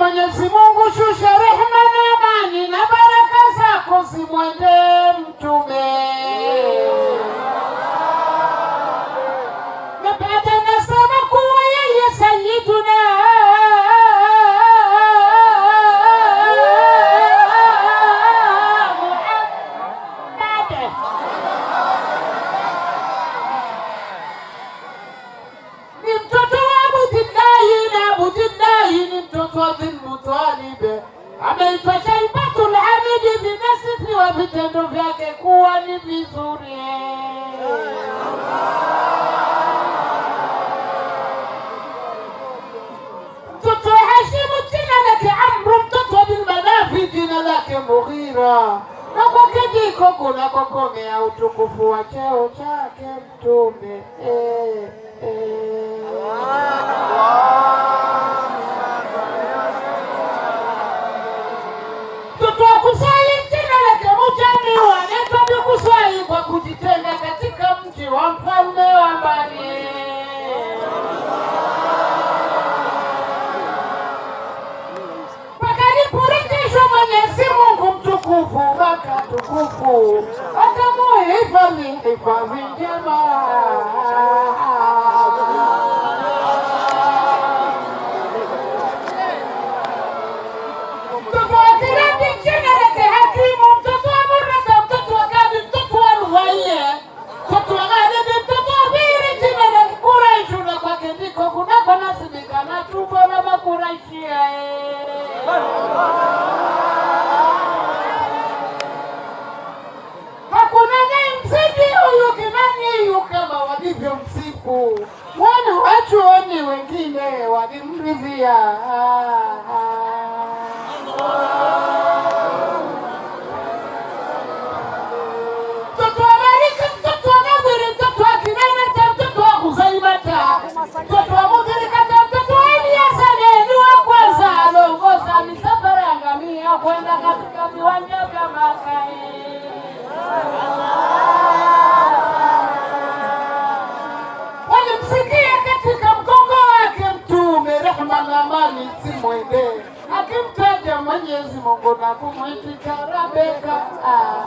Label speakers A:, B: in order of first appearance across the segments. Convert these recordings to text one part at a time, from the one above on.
A: Mwenyezi Mungu, shusha rehema na amani na baraka zako zimwende mtume Mwokozi mutwalibe, ameipasha Ibatul Hamidi vinasifi wa vitendo vyake kuwa ni vizuri. Mtoto Hashimu jina lake Amru, mtoto wa jina lake Mughira, na kwa kijiko kuna kukomea utukufu wa cheo chake Mtume eh, eh. tukufu, akamwe ifali ifali njema 와. 아, Mtangamani simwendee, akimtaja Mwenyezi Mungu na kumwitika Rabeka. Ah.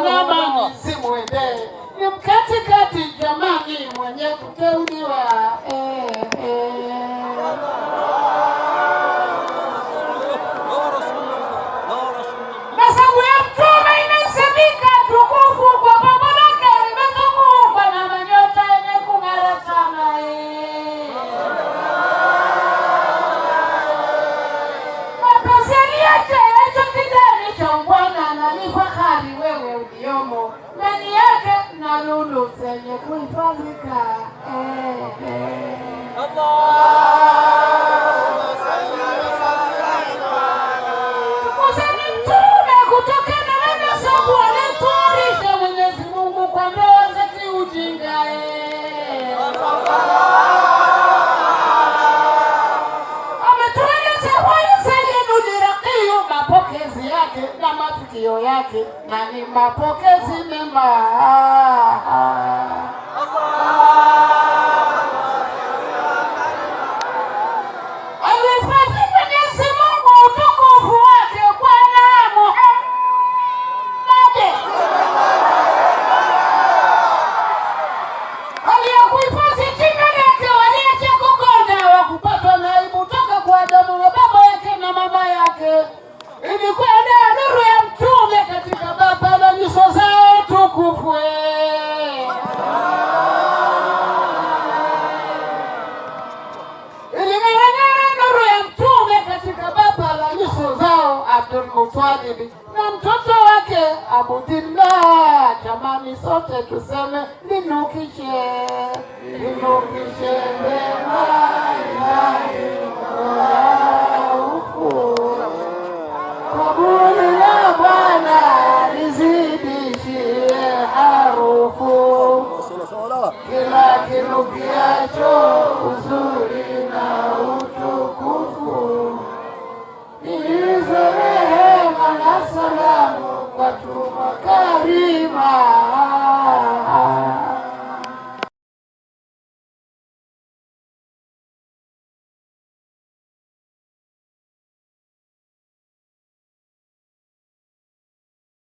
A: mama simwendee, ni mkatikati jamani, mwenye kuteuliwa eh. Allahu Akbar. yake na matukio yake na ni mapokezi mema. Ilining'anyana mtume katika baba zao Abdul Mutwalibi na mtoto wake Abudillah. Jamani, sote tuseme linukishe,
B: linukishe bema ilahi